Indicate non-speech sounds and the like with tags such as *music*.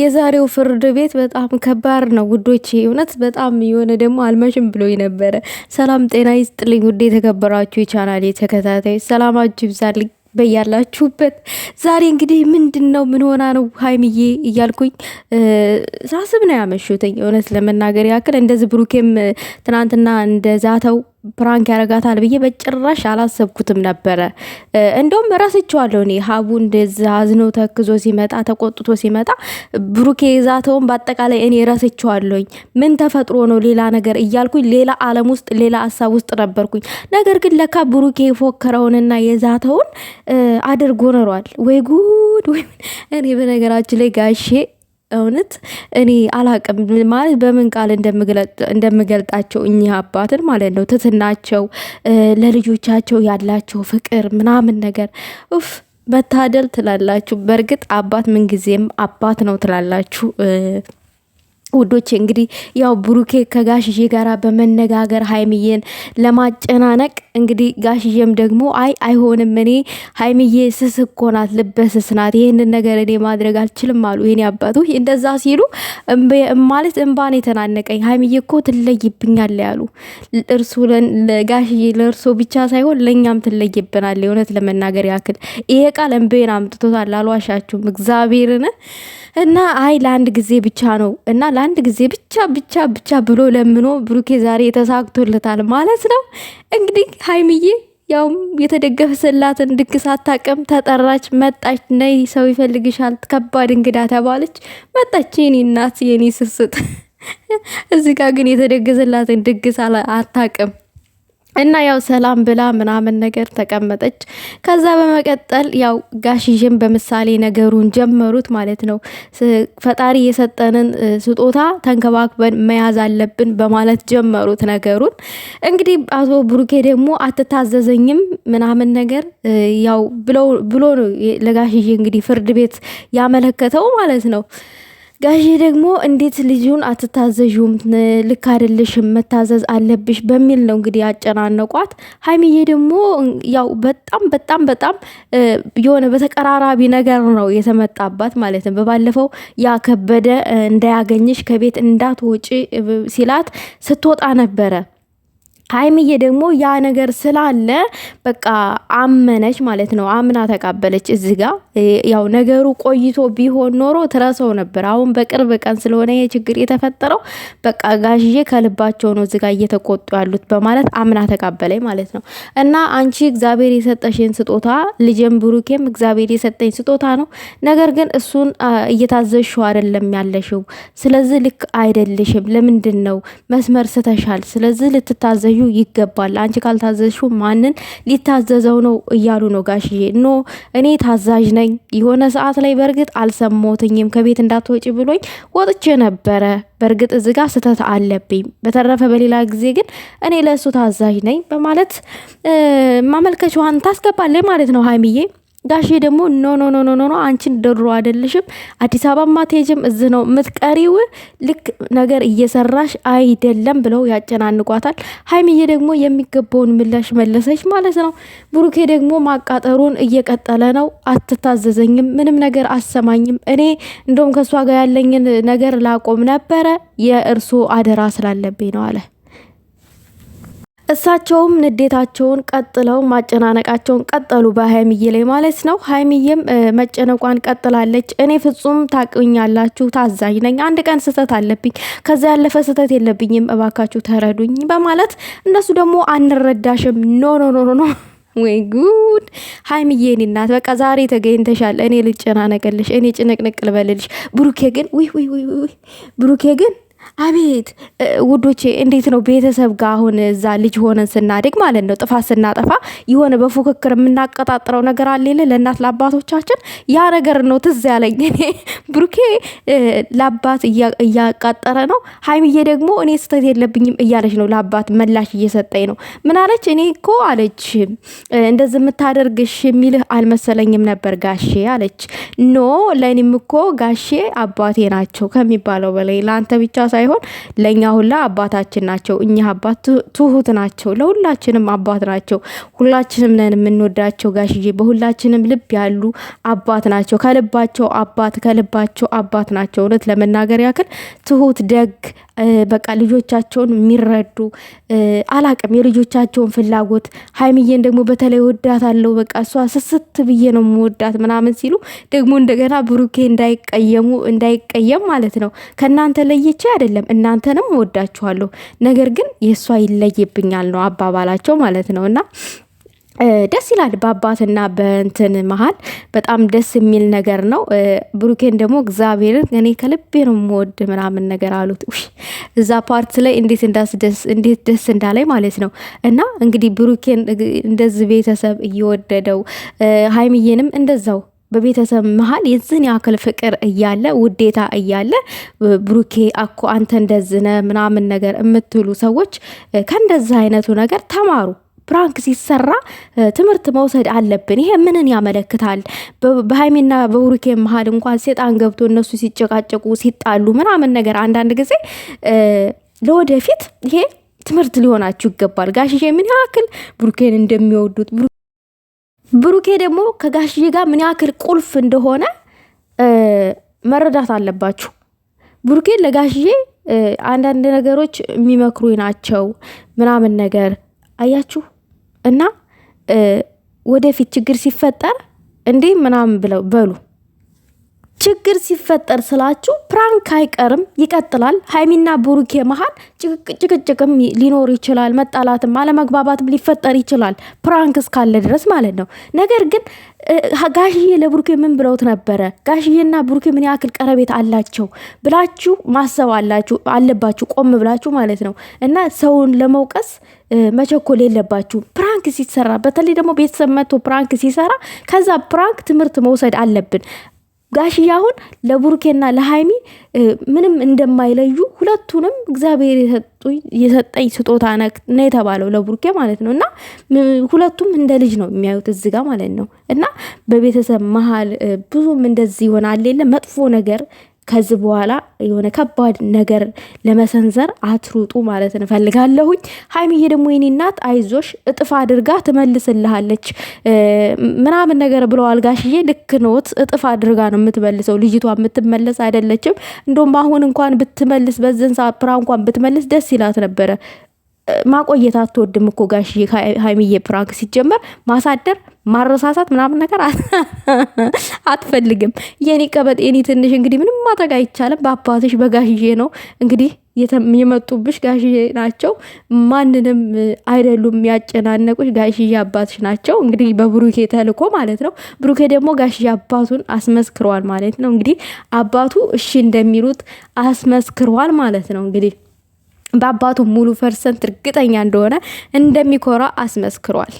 የዛሬው ፍርድ ቤት በጣም ከባድ ነው ውዶቼ፣ እውነት በጣም የሆነ ደግሞ አልመሽም ብሎ ነበረ። ሰላም ጤና ይስጥልኝ ውድ የተከበራችሁ የቻናል ተከታታይ ሰላማችሁ ይብዛልኝ በያላችሁበት። ዛሬ እንግዲህ ምንድን ነው ምን ሆና ነው ሀይምዬ እያልኩኝ ሳስብ ነው ያመሹትኝ። እውነት ለመናገር ያክል እንደዚህ ብሩኬም ትናንትና እንደዛተው ፕራንክ ያረጋታል ብዬ በጭራሽ አላሰብኩትም ነበረ። እንደውም ረስቸዋለሁ እኔ ሀቡ እንደዚህ አዝነው ተክዞ ሲመጣ ተቆጥቶ ሲመጣ ብሩኬ ዛተውን በአጠቃላይ እኔ ረስቸዋለሁኝ። ምን ተፈጥሮ ነው ሌላ ነገር እያልኩኝ ሌላ ዓለም ውስጥ ሌላ ሀሳብ ውስጥ ነበርኩኝ። ነገር ግን ለካ ብሩኬ የፎከረውንና የዛተውን አድርጎ ኖሯል። ወይ ጉድ! ወይ እኔ በነገራችን ላይ ጋሼ እውነት እኔ አላቅም ማለት በምን ቃል እንደምገልጣቸው እኚህ አባትን ማለት ነው። ትትናቸው ለልጆቻቸው ያላቸው ፍቅር ምናምን ነገር ፍ መታደል ትላላችሁ። በእርግጥ አባት ምንጊዜም አባት ነው ትላላችሁ። ውዶች እንግዲህ ያው ብሩኬ ከጋሽዬ ጋር በመነጋገር ሀይምዬን ለማጨናነቅ እንግዲህ ጋሽዬም ደግሞ አይ አይሆንም፣ እኔ ሀይምዬ ስስ እኮ ናት፣ ልበስስ ናት፣ ይህንን ነገር እኔ ማድረግ አልችልም አሉ። ይህን ያባቱ እንደዛ ሲሉ ማለት እንባን የተናነቀኝ ሀይምዬ እኮ ትለይብኛል ያሉ እርሱ ጋሽዬ ለእርሶ ብቻ ሳይሆን ለእኛም ትለይብናል። የእውነት ለመናገር ያክል ይሄ ቃል እንብን አምጥቶታል፣ አልዋሻችሁም። እግዚአብሔርን እና አይ ለአንድ ጊዜ ብቻ ነው እና አንድ ጊዜ ብቻ ብቻ ብቻ ብሎ ለምኖ ብሩኬ ዛሬ የተሳክቶለታል ማለት ነው። እንግዲህ ሀይምዬ ያውም የተደገፈሰላትን ድግስ አታቅም። ተጠራች፣ መጣች፣ ነይ ሰው ይፈልግሻል፣ ከባድ እንግዳ ተባለች፣ መጣች። የኔ እናት የኔ ስስጥ። እዚህ ጋር ግን የተደገሰላትን ድግስ አታቅም። እና ያው ሰላም ብላ ምናምን ነገር ተቀመጠች። ከዛ በመቀጠል ያው ጋሽዥን በምሳሌ ነገሩን ጀመሩት ማለት ነው። ፈጣሪ የሰጠንን ስጦታ ተንከባክበን መያዝ አለብን በማለት ጀመሩት ነገሩን። እንግዲህ አቶ ብሩኬ ደግሞ አትታዘዘኝም ምናምን ነገር ያው ብሎ ነው ለጋሽዥ እንግዲህ ፍርድ ቤት ያመለከተው ማለት ነው። ጋሼ ደግሞ እንዴት ልጁን አትታዘዥም? ልክ አይደለሽም፣ መታዘዝ አለብሽ በሚል ነው እንግዲህ ያጨናነቋት። ሀይሚዬ ደግሞ ያው በጣም በጣም በጣም የሆነ በተቀራራቢ ነገር ነው የተመጣባት ማለት ነው። በባለፈው ያ ከበደ እንዳያገኝሽ ከቤት እንዳትወጪ ሲላት ስትወጣ ነበረ ሀይሚዬ ደግሞ ያ ነገር ስላለ በቃ አመነች ማለት ነው። አምና ተቃበለች። እዚ ጋ ያው ነገሩ ቆይቶ ቢሆን ኖሮ ትረሰው ነበር። አሁን በቅርብ ቀን ስለሆነ ይሄ ችግር የተፈጠረው በቃ ጋሽዬ ከልባቸው ነው እዚጋ እየተቆጡ ያሉት በማለት አምና ተቃበለች ማለት ነው። እና አንቺ እግዚአብሔር የሰጠሽን ስጦታ ልጅም ብሩኬም እግዚአብሔር የሰጠኝ ስጦታ ነው። ነገር ግን እሱን እየታዘሽው አይደለም ያለሽው። ስለዚህ ልክ አይደልሽም። ለምንድን ነው መስመር ስተሻል። ስለዚህ ልትታዘ ልትታዘዡ ይገባል። አንቺ ካልታዘዝሹ ማንን ሊታዘዘው ነው እያሉ ነው ጋሽዬ። ኖ እኔ ታዛዥ ነኝ። የሆነ ሰዓት ላይ በእርግጥ አልሰሞትኝም ከቤት እንዳትወጪ ብሎኝ ወጥቼ ነበረ። በእርግጥ እዚ ጋር ስህተት አለብኝ። በተረፈ በሌላ ጊዜ ግን እኔ ለእሱ ታዛዥ ነኝ በማለት ማመልከቻዋን ታስገባለች ማለት ነው ሀይሚዬ። ጋሼ ደግሞ ኖ ኖ ኖ ኖ ኖ አንቺ ደሮ አይደለሽም፣ አዲስ አበባ ማትሄጂም እዚህ ነው ምትቀሪው፣ ልክ ነገር እየሰራሽ አይደለም ብለው ያጨናንቋታል። ሀይሚዬ ደግሞ የሚገባውን ምላሽ መለሰች ማለት ነው። ብሩኬ ደግሞ ማቃጠሩን እየቀጠለ ነው። አትታዘዘኝም፣ ምንም ነገር አሰማኝም። እኔ እንደውም ከእሷ ጋር ያለኝን ነገር ላቆም ነበረ የእርሶ አደራ ስላለብኝ ነው አለ። እሳቸውም ንዴታቸውን ቀጥለው ማጨናነቃቸውን ቀጠሉ በሀይሚዬ ላይ ማለት ነው። ሀይሚዬም መጨነቋን ቀጥላለች። እኔ ፍጹም ታቅኛላችሁ፣ ታዛኝ ነኝ። አንድ ቀን ስህተት አለብኝ፣ ከዛ ያለፈ ስህተት የለብኝም። እባካችሁ ተረዱኝ በማለት እነሱ ደግሞ አንረዳሽም፣ ኖ ኖ ኖ ኖ ወይ ጉድ ሀይሚዬ እኔ እናት በቃ ዛሬ ተገኝተሻል። እኔ ልጨናነቅልሽ፣ እኔ ጭንቅንቅ ልበልልሽ። ብሩኬ ግን ውይ ውይ ውይ ብሩኬ ግን አቤት ውዶቼ እንዴት ነው ቤተሰብ ጋር አሁን እዛ ልጅ ሆነን ስናድግ ማለት ነው ጥፋት ስናጠፋ የሆነ በፉክክር የምናቀጣጥረው ነገር አለለ ለእናት ለአባቶቻችን ያ ነገር ነው ትዝ ያለኝ እኔ ብሩኬ ለአባት እያቃጠረ ነው ሀይምዬ ደግሞ እኔ ስህተት የለብኝም እያለች ነው ለአባት መላሽ እየሰጠኝ ነው ምን አለች እኔ እኮ አለች እንደዚህ የምታደርግሽ የሚልህ አልመሰለኝም ነበር ጋሼ አለች ኖ ለእኔም እኮ ጋሼ አባቴ ናቸው ከሚባለው በላይ ለአንተ ብቻ ሳይሆን ለእኛ ሁላ አባታችን ናቸው። እኚህ አባት ትሁት ናቸው። ለሁላችንም አባት ናቸው። ሁላችንም ነን የምንወዳቸው ጋሽዬ። በሁላችንም ልብ ያሉ አባት ናቸው። ከልባቸው አባት ከልባቸው አባት ናቸው። እውነት ለመናገር ያክል ትሁት፣ ደግ በቃ ልጆቻቸውን የሚረዱ አላቅም የልጆቻቸውን ፍላጎት ሀይምዬን ደግሞ በተለይ አለው በቃ እሷ ስስት ብዬ ነው የምወዳት ምናምን ሲሉ ደግሞ እንደገና ብሩኬ እንዳይቀየሙ እንዳይቀየም ማለት ነው ከእናንተ ለይቼ አይደለም እናንተንም እወዳችኋለሁ፣ ነገር ግን የእሷ ይለይብኛል ነው አባባላቸው ማለት ነው እና ደስ ይላል። በአባትና በእንትን መሀል በጣም ደስ የሚል ነገር ነው። ብሩኬን ደግሞ እግዚአብሔርን እኔ ከልቤ ነው የምወድ ምናምን ነገር አሉት። እዛ ፓርት ላይ እንዴት እንዴት ደስ እንዳላይ ማለት ነው እና እንግዲህ ብሩኬን እንደዚህ ቤተሰብ እየወደደው ሀይምዬንም እንደዛው በቤተሰብ መሀል የዝን ያክል ፍቅር እያለ ውዴታ እያለ ብሩኬ አኮ አንተ እንደዝነ ምናምን ነገር የምትሉ ሰዎች ከእንደዚህ አይነቱ ነገር ተማሩ። ፕራንክ ሲሰራ ትምህርት መውሰድ አለብን። ይሄ ምንን ያመለክታል? በሀይሜና በብሩኬ መሀል እንኳን ሴጣን ገብቶ እነሱ ሲጨቃጨቁ ሲጣሉ ምናምን ነገር አንዳንድ ጊዜ ለወደፊት ይሄ ትምህርት ሊሆናችሁ ይገባል። ጋሽዬ ምን ያክል ብሩኬን እንደሚወዱት ብሩኬ ደግሞ ከጋሽዬ ጋር ምን ያክል ቁልፍ እንደሆነ መረዳት አለባችሁ። ብሩኬ ለጋሽዬ አንዳንድ ነገሮች የሚመክሩ ናቸው ምናምን ነገር አያችሁ እና ወደፊት ችግር ሲፈጠር እንዴ ምናምን ብለው በሉ ችግር ሲፈጠር ስላችሁ ፕራንክ አይቀርም፣ ይቀጥላል። ሀይሚና ብሩኬ መሀል ጭቅጭቅም ሊኖር ይችላል፣ መጣላትም አለመግባባትም ሊፈጠር ይችላል፣ ፕራንክ እስካለ ድረስ ማለት ነው። ነገር ግን ጋሽዬ ለብሩኬ ምን ብለውት ነበረ? ጋሽዬና ብሩኬ ምን ያክል ቀረቤት አላቸው ብላችሁ ማሰብ አላችሁ አለባችሁ፣ ቆም ብላችሁ ማለት ነው። እና ሰውን ለመውቀስ መቸኮል የለባችሁ። ፕራንክ ሲሰራ፣ በተለይ ደግሞ ቤተሰብ መጥቶ ፕራንክ ሲሰራ፣ ከዛ ፕራንክ ትምህርት መውሰድ አለብን። ጋሽዬ አሁን ለቡርኬና ለሀይሚ ምንም እንደማይለዩ ሁለቱንም እግዚአብሔር የሰጠኝ ስጦታ ነው የተባለው ለቡርኬ ማለት ነው። እና ሁለቱም እንደ ልጅ ነው የሚያዩት እዚህ ማለት ነው። እና በቤተሰብ መሀል ብዙም እንደዚህ ይሆናል የለ መጥፎ ነገር ከዚህ በኋላ የሆነ ከባድ ነገር ለመሰንዘር አትሩጡ ማለት እንፈልጋለሁኝ። ሀይሚዬ ደግሞ የኔ እናት አይዞሽ እጥፍ አድርጋ ትመልስልሃለች ምናምን ነገር ብለዋል ጋሽዬ። ልክ ኖት፣ እጥፍ አድርጋ ነው የምትመልሰው። ልጅቷ የምትመለስ አይደለችም። እንደውም አሁን እንኳን ብትመልስ፣ በዝን ሰዓት ፕራ እንኳን ብትመልስ ደስ ይላት ነበረ። ማቆየት አትወድም እኮ ጋሽዬ ሀይሚዬ ፕራንክ ሲጀመር ማሳደር ማረሳሳት ምናምን ነገር *laughs* አትፈልግም። የኔ ቀበጥ የኔ ትንሽ እንግዲህ ምንም ማድረግ አይቻልም። በአባትሽ በጋሽዬ ነው እንግዲህ የመጡብሽ ጋሽዬ ናቸው። ማንንም አይደሉም ያጨናነቁሽ ጋሽዬ አባትሽ ናቸው። እንግዲህ በብሩኬ ተልኮ ማለት ነው። ብሩኬ ደግሞ ጋሽዬ አባቱን አስመስክሯል ማለት ነው። እንግዲህ አባቱ እሺ እንደሚሉት አስመስክሯል ማለት ነው እንግዲህ በአባቱ ሙሉ ፐርሰንት እርግጠኛ እንደሆነ እንደሚኮራ አስመስክሯል።